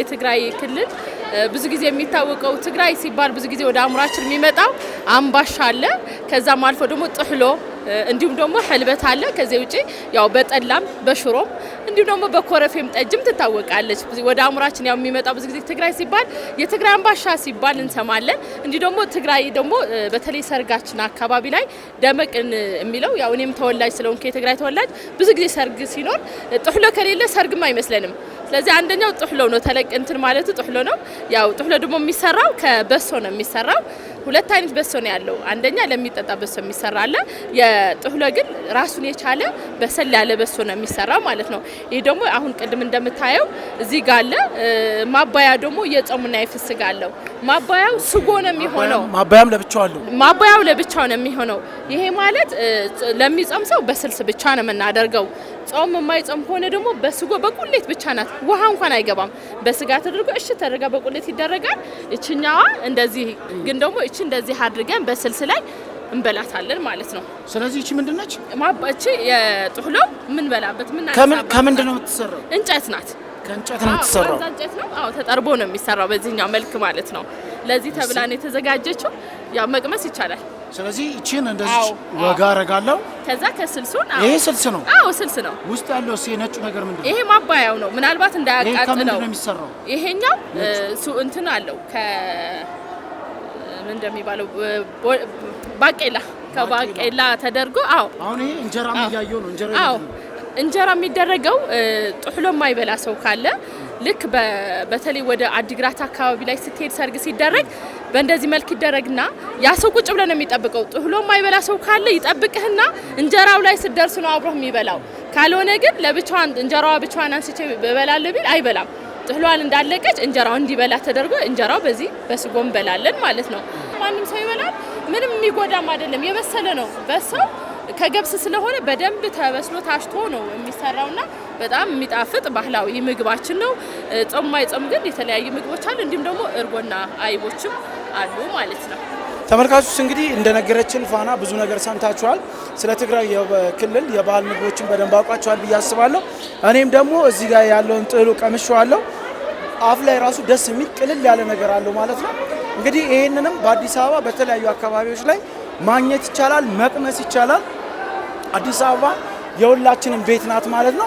የትግራይ ክልል ብዙ ጊዜ የሚታወቀው ትግራይ ሲባል ብዙ ጊዜ ወደ አእምሯችን የሚመጣው አምባሻ አለ። ከዛም አልፎ ደግሞ ጥሕሎ እንዲሁም ደግሞ ሕልበት አለ። ከዚህ ውጪ ያው በጠላም በሽሮም እንዲሁም ደግሞ በኮረፌም ጠጅም ትታወቃለች። ወደ አእምሯችን ያው የሚመጣው ብዙ ጊዜ ትግራይ ሲባል የትግራይ አምባሻ ሲባል እንሰማለን። እንዲሁ ደግሞ ትግራይ ደግሞ በተለይ ሰርጋችን አካባቢ ላይ ደመቅን የሚለው ያው እኔም ተወላጅ ስለሆንኩ የትግራይ ተወላጅ ብዙ ጊዜ ሰርግ ሲኖር ጥሕሎ ከሌለ ሰርግም አይመስለንም። ስለዚህ አንደኛው ጥሕሎ ነው። ተለቅ እንትን ማለቱ ጥሕሎ ነው። ያው ጥሕሎ ደግሞ የሚሰራው ከበሶ ነው የሚሰራው። ሁለት አይነት በሶ ነው ያለው። አንደኛ ለሚጠጣ በሶ የሚሰራ አለ። የጥሕሎ ግን ራሱን የቻለ በሰል ያለ በሶ ነው የሚሰራው ማለት ነው። ይህ ደግሞ አሁን ቅድም እንደምታየው እዚህ ጋር አለ። ማባያ ደግሞ የጾሙና የፍስግ አለው። ማባያው ስጎ ነው የሚሆነው። ማባያም ለብቻው አለው። ማባያው ለብቻው ነው የሚሆነው። ይሄ ማለት ለሚጾም ሰው በስልስ ብቻ ነው የምናደርገው። ጾም የማይጾም ከሆነ ደግሞ በስጎ በቁሌት ብቻ ናት። ውሃ እንኳን አይገባም። በስጋ ተደርጎ እሺ ተደርጋ በቁሌት ይደረጋል። እችኛዋ እንደዚህ ግን ደግሞ እቺ እንደዚህ አድርገን በስልስ ላይ እንበላታለን ማለት ነው። ስለዚህ እቺ ምንድን ነች? ማባቺ የጥህሎ የምንበላበት ምን ከምንድን ነው የምትሰራው? እንጨት ናት። ከእንጨት ነው የምትሰራው። እንጨት ነው። አዎ ተጠርቦ ነው የሚሰራው በዚህኛው መልክ ማለት ነው። ለዚህ ተብላ ነው የተዘጋጀችው። ያው መቅመስ ይቻላል። ስለዚህ እቺን እንደዚህ ወጋ አረጋለሁ። ከዛ ከስልሱን ይሄ ስልስ ነው። አዎ ስልስ ነው። ውስጥ ያለው እሱ ነጩ ነገር ምንድን ነው? ይሄ ማባያው ነው። ምናልባት እንዳያቃጥል ነው የሚሰራው። ይሄኛው እሱ እንትን አለው ከ ምን እንደሚባለው ባቄላ ከባቄላ ተደርጎ አዎ። አሁን ይሄ እንጀራም እያየሁ ነው። እንጀራ አዎ፣ እንጀራ የሚደረገው ጥሕሎ የማይበላ ሰው ካለ ልክ በተለይ ወደ አዲግራት አካባቢ ላይ ስትሄድ ሰርግ ሲደረግ በእንደዚህ መልክ ይደረግና ያ ሰው ቁጭ ብለን የሚጠብቀው። ጥህሎ የማይበላ ሰው ካለ ይጠብቅህና እንጀራው ላይ ስትደርስ ነው አብሮህ የሚበላው። ካልሆነ ግን ለብቻዋን እንጀራዋ ብቻዋን አንስቼ በበላለሁ ቢል አይበላም። ጥህሏን እንዳለቀች እንጀራው እንዲበላ ተደርጎ እንጀራው በዚህ በስጎ እንበላለን ማለት ነው። ማንም ሰው ይበላል። ምንም የሚጎዳም አይደለም። የበሰለ ነው በሰው ከገብስ ስለሆነ በደንብ ተበስሎ ታሽቶ ነው የሚሰራውና በጣም የሚጣፍጥ ባህላዊ ምግባችን ነው። ጾም ማይጾም ግን የተለያዩ ምግቦች አሉ። እንዲሁም ደግሞ እርጎና አይቦችም አሉ ማለት ነው። ተመልካቾች እንግዲህ እንደነገረችን ፋና ብዙ ነገር ሰምታችኋል። ስለ ትግራይ ክልል የባህል ምግቦችን በደንብ አውቋችኋል ብዬ አስባለሁ። እኔም ደግሞ እዚህ ጋር ያለውን ጥሉ ቀምሼዋለሁ። አፍ ላይ ራሱ ደስ የሚል ቅልል ያለ ነገር አለው ማለት ነው። እንግዲህ ይህንንም በአዲስ አበባ በተለያዩ አካባቢዎች ላይ ማግኘት ይቻላል፣ መቅመስ ይቻላል። አዲስ አበባ የሁላችንም ቤት ናት ማለት ነው።